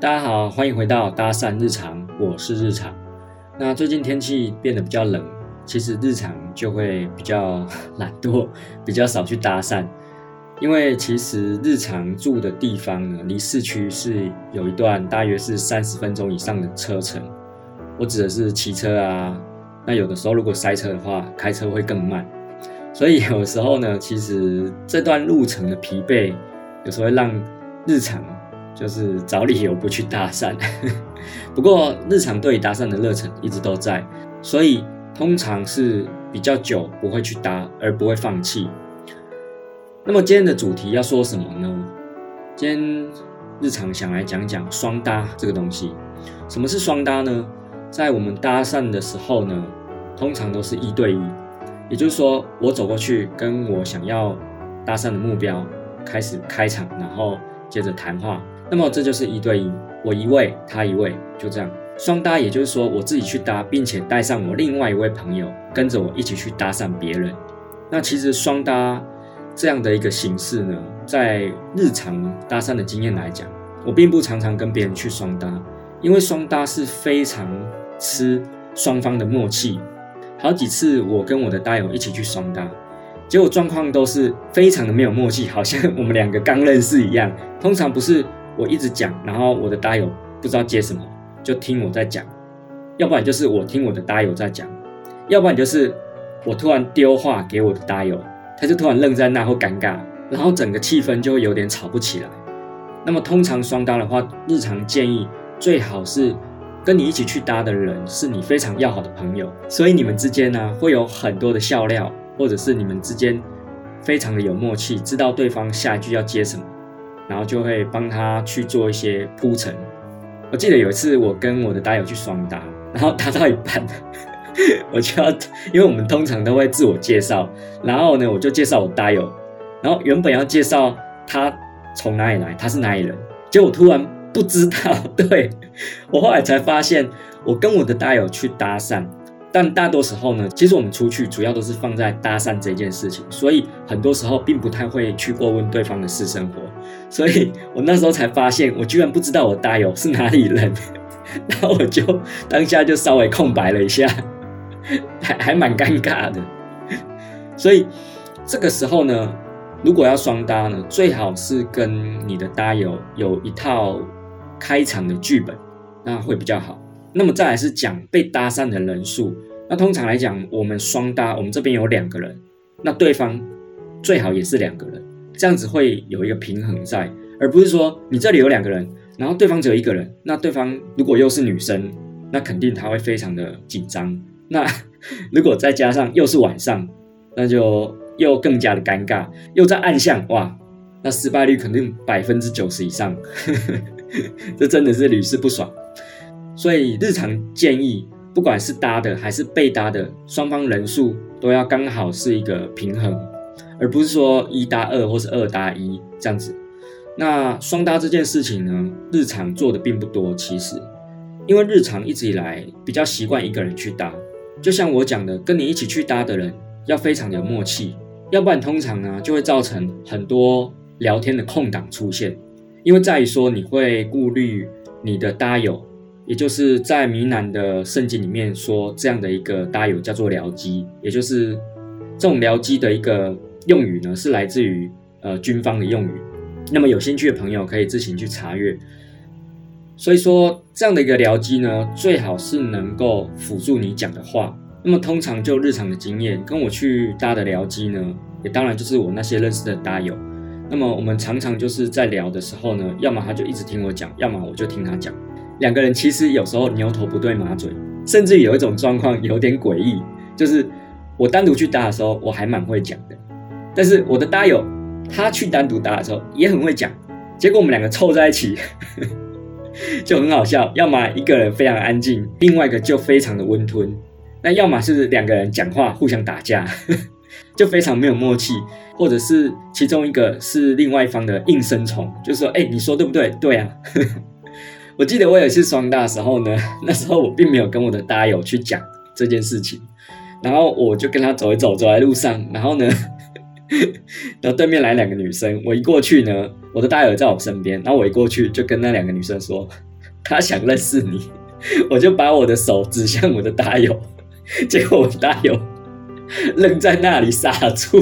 大家好，歡迎回到搭訕日常，我是日常。那最近天氣變得比較冷，其實日常就會比較懶惰，比較少去搭訕，因為其實日常住的地方呢，離市區是有一段大約是三十分鐘以上的車程。我指的是騎車啊，那有的時候如果塞車的話，開車會更慢，所以有時候呢，其實這段路程的疲憊，有時候會讓日常就是找理由不去搭訕。 不過日常對於搭訕的熱忱一直都在，所以通常是比較久不會去搭，而不會放棄。那麼今天的主題要說什麼呢？今天日常想來講講雙搭這個東西。什麼是雙搭呢？在我們搭訕的時候呢，通常都是一對一，也就是說，我走過去跟我想要搭訕的目標開始開場，然後接着談話。那麼這就是一對一，我一位，他一位，就這樣。雙搭，也就是說我自己去搭，並且帶上我另外一位朋友跟着我一起去搭訕別人。那其實雙搭這樣的一個形式呢，在日常搭訕的經驗來講，我並不常常跟別人去雙搭，因為雙搭是非常吃雙方的默契，好幾次我跟我的搭友，一起去雙搭，結果狀況都是非常的沒有默契，好像我們兩個剛認識一樣。通常不是我一直講，然後我的搭友不知道接什麼，就聽我在講；要不然就是我聽我的搭友在講；要不然就是我突然丟話給我的搭友，他就突然愣在那，或尷尬，然後整個氣氛就會有點吵不起來。那麼通常雙搭的話，日常建議最好是。跟你一起去搭的人是你非常要好的朋友，所以你們之間呢、啊、會有很多的笑料，或者是你們之間非常的有默契，知道對方下一句要接什麼，然後就會幫他去做一些鋪陳。我記得有一次我跟我的搭友去雙搭，然後搭到一半，我就要因為我們通常都會自我介紹，然後呢我就介紹我搭友，然後原本要介紹他從哪裡來，他是哪裡人，結果突然。不知道，對，我後來才發現，我跟我的搭友去搭訕，但大多時候呢，其實我們出去主要都是放在搭訕這件事情，所以很多時候並不太會去過問對方的私生活，所以我那時候才發現，我居然不知道我搭友是哪裡人，然後我就當下就稍微空白了一下，還還蠻尷尬的，所以這個時候呢，如果要雙搭呢，最好是跟你的搭友有一套。開場的劇本，那會比較好。那麼再來是講被搭訕的人數。那通常來講，我們雙搭，我們這邊有兩個人，那對方最好也是兩個人，這樣子會有一個平衡在，而不是說你這裡有兩個人，然後對方只有一個人。那對方如果又是女生，那肯定她會非常的緊張。那如果再加上又是晚上，那就又更加的尷尬，又在暗巷，哇，那失敗率肯定百分之九十以上。 這真的是屢試不爽，所以日常建議，不管是搭的還是被搭的，雙方人數都要剛好是一個平衡，而不是說一搭二或是二搭一這樣子。那雙搭這件事情呢，日常做的並不多，其實，因為日常一直以來比較習慣一個人去搭，就像我講的，跟你一起去搭的人要非常有默契，要不然通常呢就會造成很多聊天的空檔出現。因為在於說，你會顧慮你的搭友，也就是在閩南的聖經裡面說這樣的一個搭友叫做僚機，也就是這種僚機的一個用語呢，是來自於呃軍方的用語。那麼有興趣的朋友可以自行去查閱。所以說這樣的一個僚機呢，最好是能夠輔助你講的話。那麼通常就日常的經驗，跟我去搭的僚機呢，也當然就是我那些認識的搭友。那麼我們常常就是在聊的時候呢，要麼他就一直聽我講，要麼我就聽他講。兩個人其實有時候牛頭不對馬嘴，甚至有一種狀況有點詭異，就是我單獨去打的時候我還蠻會講的，但是我的搭友他去單獨打的時候也很會講，結果我們兩個湊在一起，呵呵，就很好笑。要麼一個人非常安靜，另外一個就非常的溫吞，那要麼是兩個人講話互相打架。呵呵就非常沒有默契，或者是其中一個是另外一方的應聲蟲，就是、說，哎、欸，你說對不對？對啊。 我記得我也是雙搭的時候呢，那時候我並沒有跟我的搭友去講這件事情，然後我就跟他走一走，走在路上，然後呢， 然後對面來兩個女生，我一過去呢，我的搭友在我身邊，然後我一過去就跟那兩個女生說，他想認識你，我就把我的手指向我的搭友，結果我搭友。愣在那裡傻住，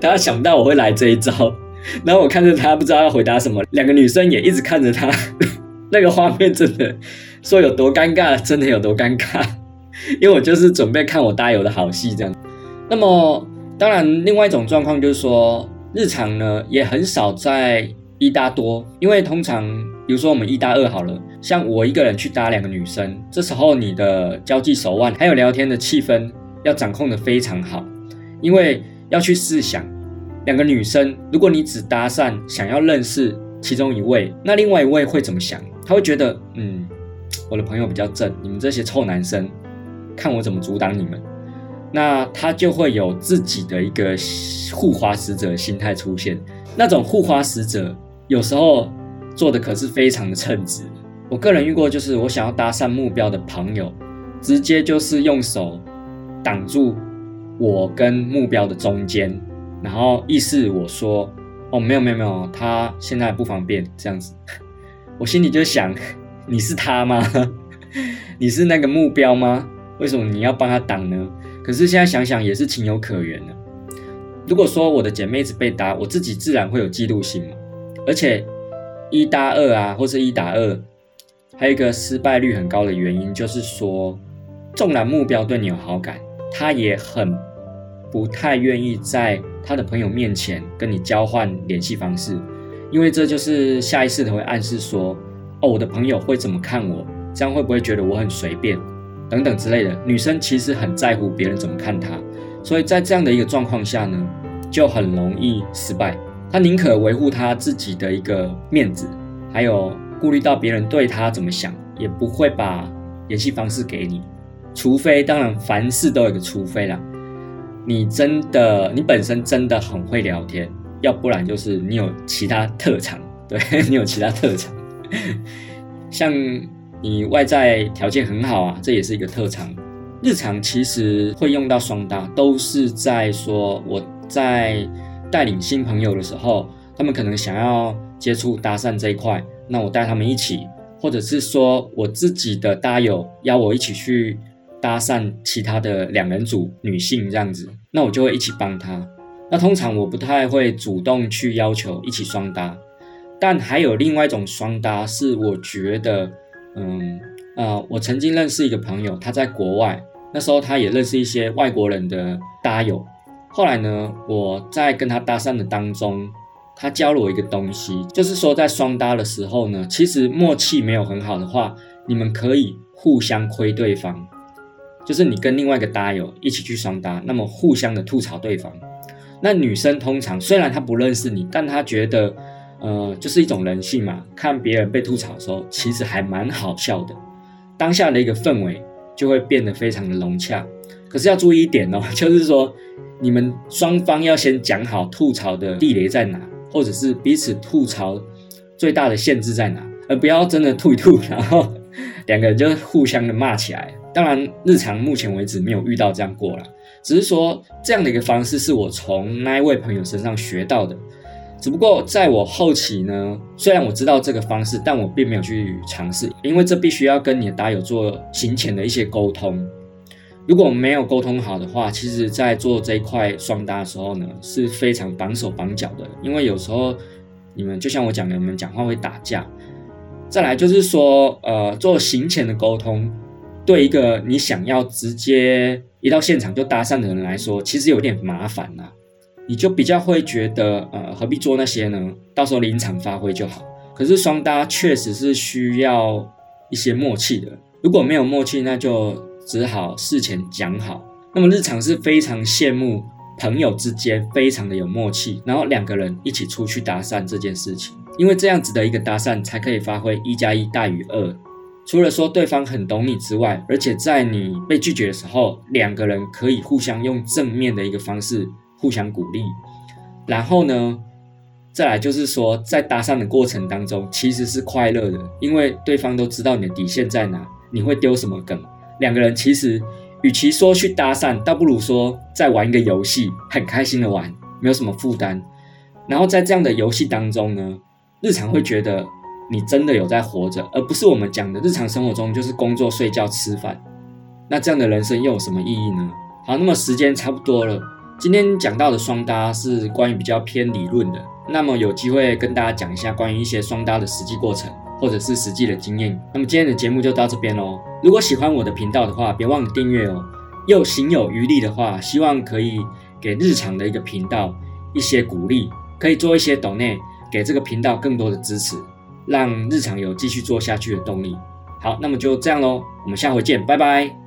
他想不到我會來這一招，然後我看着他不知道要回答什麼，兩個女生也一直看着他，那個畫面真的說有多尷尬，真的有多尷尬，因為我就是準備看我搭友的好戲這樣。那麼當然，另外一種狀況就是說，日常呢也很少在一搭多，因為通常比如說我們一搭二好了，像我一個人去搭兩個女生，這時候你的交際手腕還有聊天的氣氛要掌控得非常好，因為要去試想，兩個女生，如果你只搭訕想要認識其中一位，那另外一位會怎麼想？她會覺得，嗯，我的朋友比較正，你們這些臭男生，看我怎麼阻擋你們。那她就會有自己的一個護花使者心態出現。那種護花使者有時候做的可是非常的稱職。我個人遇過就是，我想要搭訕目標的朋友，直接就是用手。擋住我跟目標的中間，然後意思我說，哦，沒有沒有沒有，他現在不方便這樣子。我心裡就想，你是他嗎？你是那個目標嗎？為什麼你要幫他擋呢？可是現在想想也是情有可原的。如果說我的姐妹子被搭，我自己自然會有嫉妒心嘛。而且一搭二啊，或是一搭二，還有一個失敗率很高的原因，就是說縱然目標對你有好感。他也很不太願意在他的朋友面前跟你交換聯繫方式，因為這就是下意識的會暗示說，哦，我的朋友會怎麼看我？這樣會不會覺得我很隨便？等等之類的。女生其實很在乎別人怎麼看她，所以在這樣的一個狀況下呢，就很容易失敗。她寧可維護她自己的一個面子，還有顧慮到別人對她怎麼想，也不會把聯繫方式給你。除非，當然，凡事都有個除非啦。你真的，你本身真的很會聊天，要不然就是你有其他特長，對，你有其他特長。像你外在條件很好啊，這也是一個特長。日常其實會用到雙搭，都是在說我在帶領新朋友的時候，他們可能想要接觸搭訕這一塊，那我帶他們一起，或者是說我自己的搭友邀我一起去。搭訕其他的兩人組女性這樣子，那我就會一起幫他。那通常我不太會主動去要求一起雙搭，但還有另外一種雙搭是我覺得，嗯啊，我曾經認識一個朋友，他在國外，那時候他也認識一些外國人的搭友。後來呢，我在跟他搭訕的當中，他教了我一個東西，就是說在雙搭的時候呢，其實默契沒有很好的話，你們可以互相虧對方。就是你跟另外一個搭友一起去雙搭，那麼互相的吐槽對方。那女生通常雖然她不認識你，但她覺得，呃，就是一種人性嘛。看別人被吐槽的時候，其實還蠻好笑的。當下的一個氛圍就會變得非常的融洽。可是要注意一點哦，就是說你們雙方要先講好吐槽的地雷在哪，或者是彼此吐槽最大的限制在哪，而不要真的吐一吐，然後兩個人就互相的罵起來。當然，日常目前為止沒有遇到這樣過了，只是說這樣的一個方式是我從那位朋友身上學到的。只不過在我後期呢，雖然我知道這個方式，但我並沒有去嘗試，因為這必須要跟你的搭友做行前的一些溝通。如果沒有溝通好的話，其實，在做這一塊雙搭的時候呢，是非常綁手綁腳的，因為有時候你們就像我講的，你們講話會打架。再來就是說，呃，做行前的溝通。對一個你想要直接一到現場就搭訕的人來說，其實有點麻煩呐、啊。你就比較會覺得，呃，何必做那些呢？到時候臨場發揮就好。可是雙搭確實是需要一些默契的，如果沒有默契，那就只好事前講好。那麼日常是非常羨慕朋友之間非常的有默契，然後兩個人一起出去搭訕這件事情，因為這樣子的一個搭訕才可以發揮一加一大於二。除了說對方很懂你之外，而且在你被拒絕的時候，兩個人可以互相用正面的一個方式互相鼓勵。然後呢，再來就是說，在搭訕的過程當中其實是快樂的，因為對方都知道你的底線在哪，你會丟什麼梗。兩個人其實與其說去搭訕，倒不如說在玩一個遊戲，很開心的玩，沒有什麼負擔。然後在這樣的遊戲當中呢，日常會覺得。嗯你真的有在活着，而不是我們講的日常生活中就是工作、睡覺、吃飯，那這樣的人生又有什麼意義呢？好，那麼時間差不多了。今天講到的雙搭是關於比較偏理論的，那麼有機會跟大家講一下關於一些雙搭的實際過程或者是實際的經驗。那麼今天的節目就到這邊嘍。如果喜歡我的頻道的話，別忘了訂閱哦。又行有餘力的話，希望可以給日常的一個頻道一些鼓勵，可以做一些抖內，給這個頻道更多的支持。讓日常有繼續做下去的動力。好，那麼就這樣嘍，我們下回見，拜拜。